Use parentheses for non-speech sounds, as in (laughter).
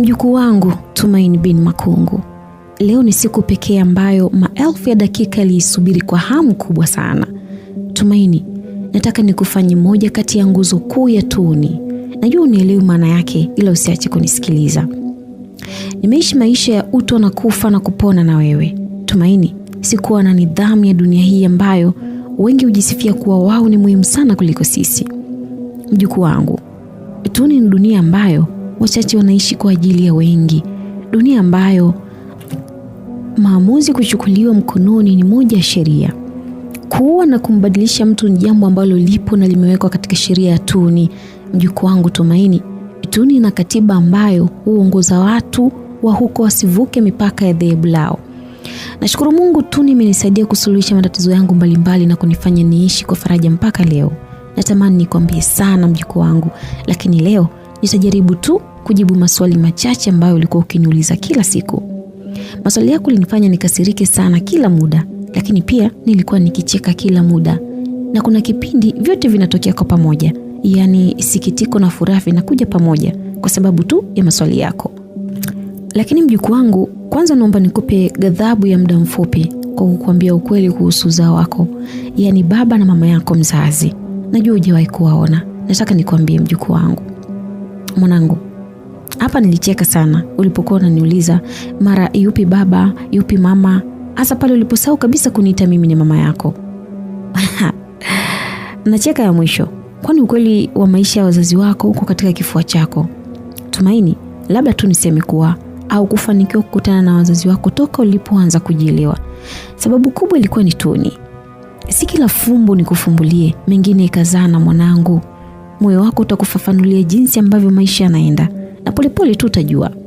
Mjukuu wangu Tumaini bin Makungu, leo ni siku pekee ambayo maelfu ya dakika yaliisubiri kwa hamu kubwa sana. Tumaini, nataka nikufanye moja kati ya nguzo kuu ya tuni Najua unielewi maana yake, ila usiache kunisikiliza. Nimeishi maisha ya utu na kufa na kupona na wewe Tumaini. Sikuwa na nidhamu ya dunia hii ambayo wengi hujisifia kuwa wao ni muhimu sana kuliko sisi. Mjukuu wangu, tuni ni dunia ambayo wachache wanaishi kwa ajili ya wengi, dunia ambayo maamuzi kuchukuliwa mkononi ni moja ya sheria. Kuua na kumbadilisha mtu ni jambo ambalo lipo na limewekwa katika sheria ya tuni, mjukuu wangu Tumaini, tuni na katiba ambayo huongoza watu wa huko wasivuke mipaka ya dhehebu lao. Nashukuru Mungu, tuni imenisaidia kusuluhisha matatizo yangu mbalimbali na kunifanya niishi kwa faraja mpaka leo. Natamani nikwambie sana mjukuu wangu, lakini leo nitajaribu tu kujibu maswali machache ambayo ulikuwa ukiniuliza kila siku. Maswali yako linifanya nikasirike sana kila muda, lakini pia nilikuwa nikicheka kila muda, na kuna kipindi vyote vinatokea kwa pamoja, yaani sikitiko na furaha vinakuja pamoja kwa sababu tu ya maswali yako. Lakini mjukuu wangu, kwanza naomba nikupe ghadhabu ya muda mfupi kwa kukuambia ukweli kuhusu uzao wako, yaani baba na mama yako mzazi. Najua hujawahi kuwaona. Nataka nikwambie mjukuu wangu, mwanangu hapa nilicheka sana ulipokuwa unaniuliza mara yupi baba, yupi mama, hasa pale uliposahau kabisa kuniita mimi ni mama yako. (laughs) Nacheka ya mwisho, kwani ukweli wa maisha ya wazazi wako uko katika kifua chako. Tumaini, labda tu niseme kuwa au kufanikiwa kukutana na wazazi wako toka ulipoanza kujielewa. Sababu kubwa ilikuwa ni Tuni. Si kila fumbo kufumbulie mengine ikazaa na mwanangu. Moyo wako utakufafanulia jinsi ambavyo maisha yanaenda na polepole tu utajua.